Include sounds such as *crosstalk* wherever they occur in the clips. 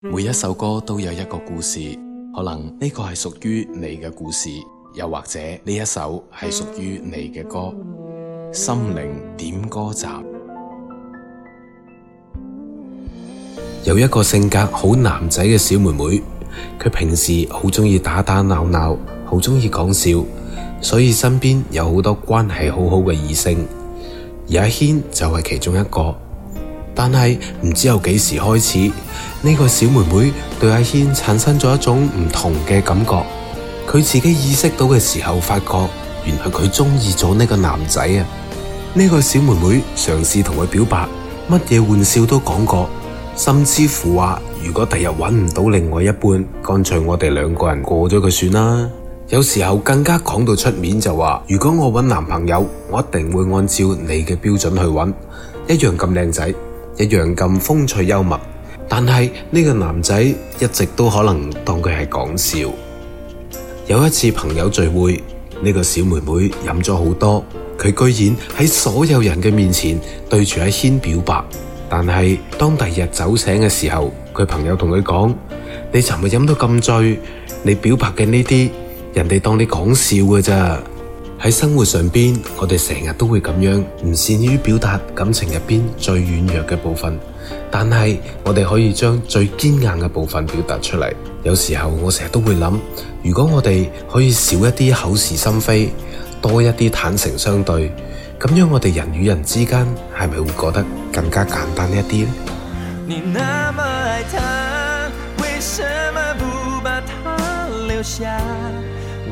每一首歌都有一個故事，可能呢個係屬於你嘅故事，又或者呢一首係屬於你嘅歌。心靈點歌集，有一個性格好男仔嘅小妹妹，佢平時好中意打打鬧鬧，好中意講笑，所以身邊有好多關係好好嘅異性，而阿軒就係其中一個。但係唔知由幾時開始，呢個小妹妹對阿軒產生咗一種唔同嘅感覺。佢自己意識到嘅時候，發覺原來佢中意咗呢個男仔啊！呢個小妹妹嘗試同佢表白，乜嘢玩笑都講過，甚至乎話如果第日揾唔到另外一半，乾脆我哋兩個人過咗佢算啦。有時候更加講到出面就話，如果我揾男朋友，我一定會按照你嘅標準去揾，一樣咁靚仔。一樣咁風趣幽默，但係呢個男仔一直都可能當佢係講笑。有一次朋友聚會，呢、呢個小妹妹飲咗好多，佢居然喺所有人嘅面前對住阿軒表白。但係當第二日酒醒嘅時候，佢朋友同佢講：你尋日飲到咁醉，你表白嘅呢啲人哋當你講笑㗎咋。」喺生活上邊，我哋成日都會咁樣，唔善於表達感情入邊最軟弱嘅部分。但係我哋可以將最堅硬嘅部分表達出嚟。有時候我成日都會諗，如果我哋可以少一啲口是心非，多一啲坦誠相對，咁樣我哋人與人之間係咪會覺得更加簡單一啲呢？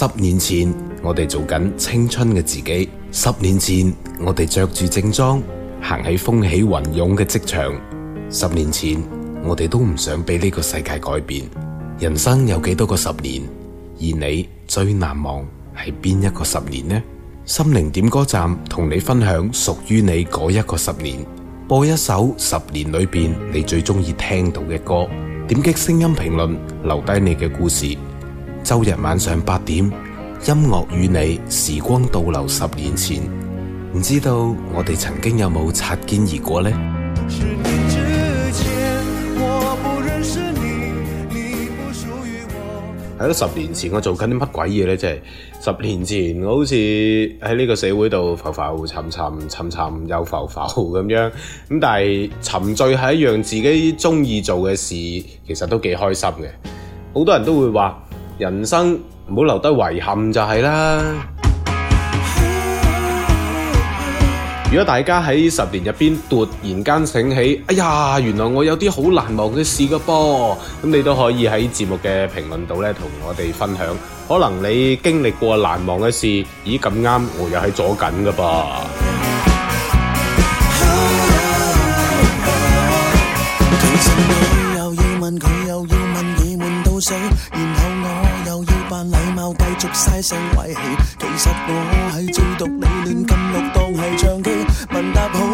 十年前我哋做緊青春嘅自己，十年前我哋着住正裝行喺風起雲湧嘅職場，十年前我哋都唔想俾呢個世界改變。人生有幾多個十年？而你最難忘係邊一個十年呢？心靈點歌站同你分享屬於你嗰一個十年，播一首十年裏邊你最中意聽到嘅歌，點擊聲音評論，留低你嘅故事。周日晚上八點，音樂與你，時光倒流十年前，唔知道我哋曾經有冇擦肩而過呢？喺 *music* 十年前，我做緊啲乜鬼嘢呢？即係十年前，好似喺呢個社會度浮浮沉沉，沉沉又浮浮咁樣。咁但係沉醉係一樣自己中意做嘅事，其實都幾開心嘅。好多人都會話。人生唔好留低遺憾就係啦。如果大家喺十年入邊突然間醒起，哎呀，原來我有啲好難忘嘅事噶噃，咁你都可以喺節目嘅評論度咧同我哋分享。可能你經歷過難忘嘅事，咦，咁啱我又喺咗緊噶噃。扮禮貌繼續晒聲壞氣，其實我係最毒你亂咁錄，當係唱機問答。 *music* *music* *music*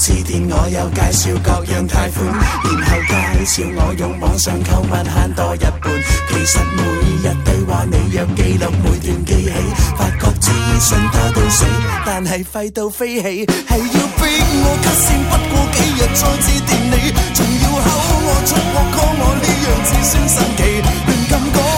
致電我又介紹各樣貸款，然後介紹我用網上購物慳多一半。其實每日對話你若記錄，每段記起，發覺資訊多到死，但係快到飛起，係要逼我給線，不過幾日再致電你，仲要考我出我歌我呢樣子算神奇，亂咁講。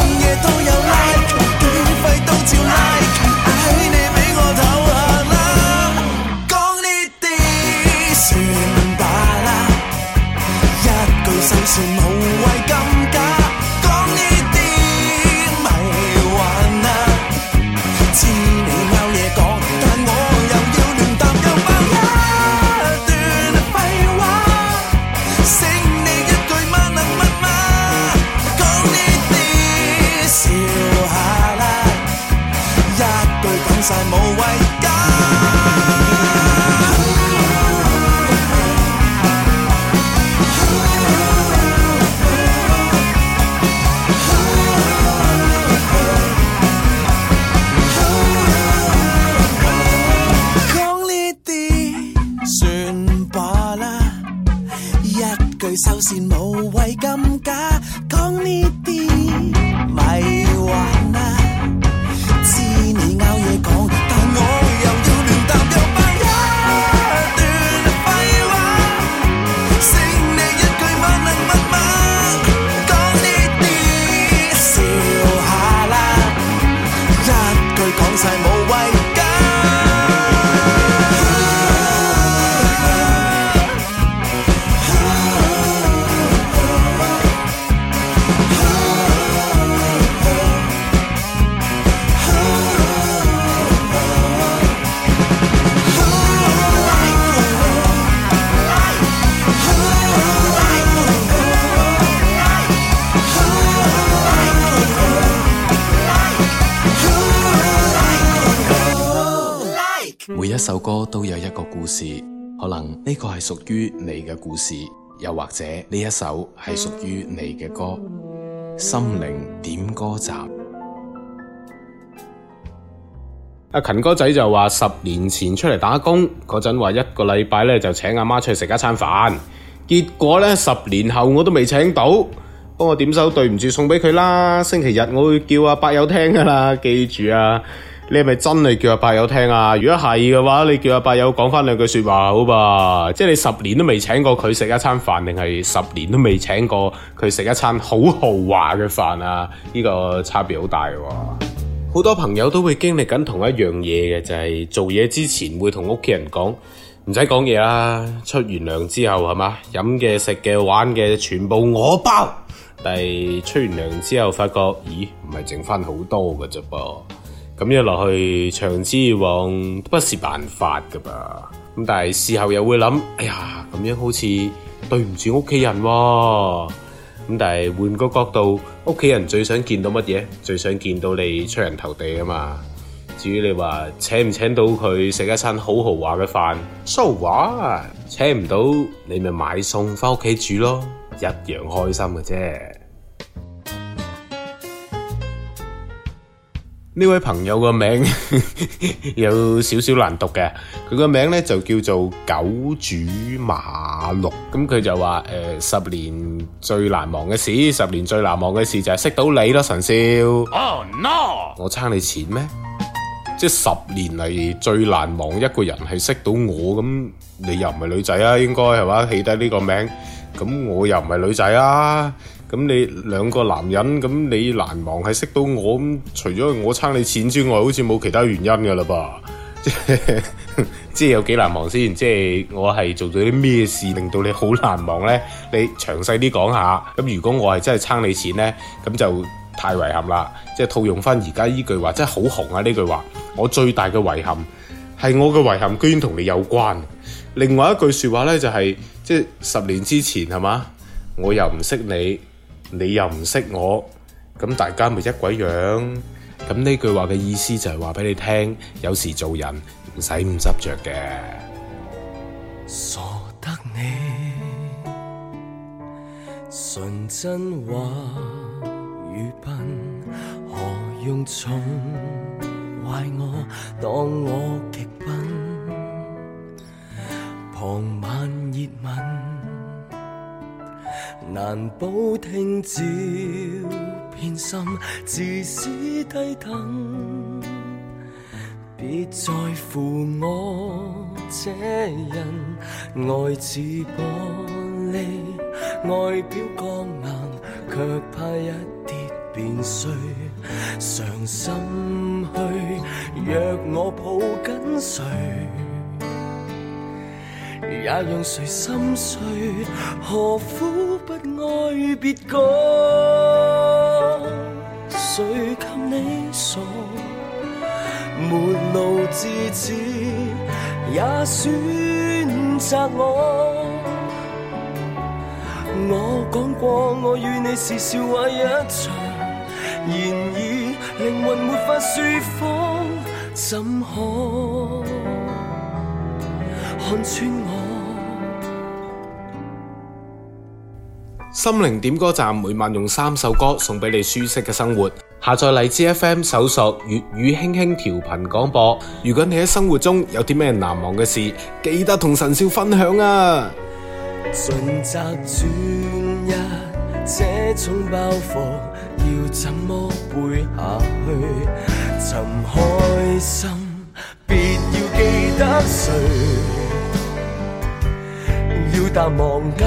一首歌都有一個故事，可能呢個係屬於你嘅故事，又或者呢一首係屬於你嘅歌。心靈點歌站，阿、啊、勤哥仔就話十年前出嚟打工嗰陣，話一個禮拜咧就請阿媽出去食一餐飯，結果咧十年後我都未請到，幫我點首對唔住送俾佢啦，星期日我會叫阿伯友聽噶啦，記住啊。你係咪真係叫阿伯友聽啊？如果係嘅話，你叫阿伯友講翻兩句說話好吧？即係你十年都未請過佢食一餐飯，定係十年都未請過佢食一餐好豪華嘅飯啊？呢個差別好大嘅。好 *music* 多朋友都會經歷緊同一樣嘢嘅，就係做嘢之前會同屋企人講唔使講嘢啦。出完糧之後係嘛，飲嘅、食嘅、玩嘅全部我包。但係出完糧之後發覺，咦，唔係剩翻好多嘅啫噃。咁樣落去長此以往不是辦法噶噃，咁但係事後又會諗，哎呀，咁樣好似對唔住屋企人喎、啊。咁但係換個角度，屋企人最想見到乜嘢？最想見到你出人頭地啊嘛。至於你話請唔請到佢食一餐好豪華嘅飯，so what，請唔到你咪買餸返屋企煮咯，一樣開心嘅啫。呢位朋友個名 *laughs* 有少少難讀嘅，佢個名咧就叫做九主馬六，咁佢就話誒、呃，十年最難忘嘅事，十年最難忘嘅事就係識到你咯，神少。哦、oh,，no！我差你錢咩？即係十年嚟最難忘一個人係識到我，咁你又唔係女仔啊？應該係嘛？起得呢個名。咁我又唔係女仔啊！咁你兩個男人，咁你難忘係識到我咁，除咗我撐你錢之外，好似冇其他原因噶啦噃，即係即係有幾難忘先，即係我係做咗啲咩事令到你好難忘咧？你詳細啲講下。咁如果我係真係撐你錢咧，咁就太遺憾啦。即係套用翻而家呢句話，真係好紅啊！呢句話，我最大嘅遺憾係我嘅遺憾居然同你有關。另外一句説話呢，就是，就係即係十年之前係嘛，我又唔識你，你又唔識我，咁大家咪一鬼樣？咁呢句話嘅意思就係話畀你聽，有時做人唔使咁執着嘅。傻得你純真或愚笨，何用重怪我？當我極。傍晚熱吻，難保聽朝變心。自私低等，別在乎我這人，愛似玻璃，外表光硬，卻怕一跌便碎。常心虛，若我抱緊誰？也讓誰心碎，何苦不愛別個？誰給你傻？沒路至此也選擇我。我講過，我與你是笑話一場，然而靈魂沒法說謊，怎可看穿我？心靈點歌站每晚用三首歌送俾你舒適嘅生活，下載荔枝 FM，搜索粵語輕輕調頻廣播。如果你喺生活中有啲咩難忘嘅事，記得同神少分享啊！盡責專一，這種包袱要怎麼背下去？尋開心，別要記得誰，要淡忘緊。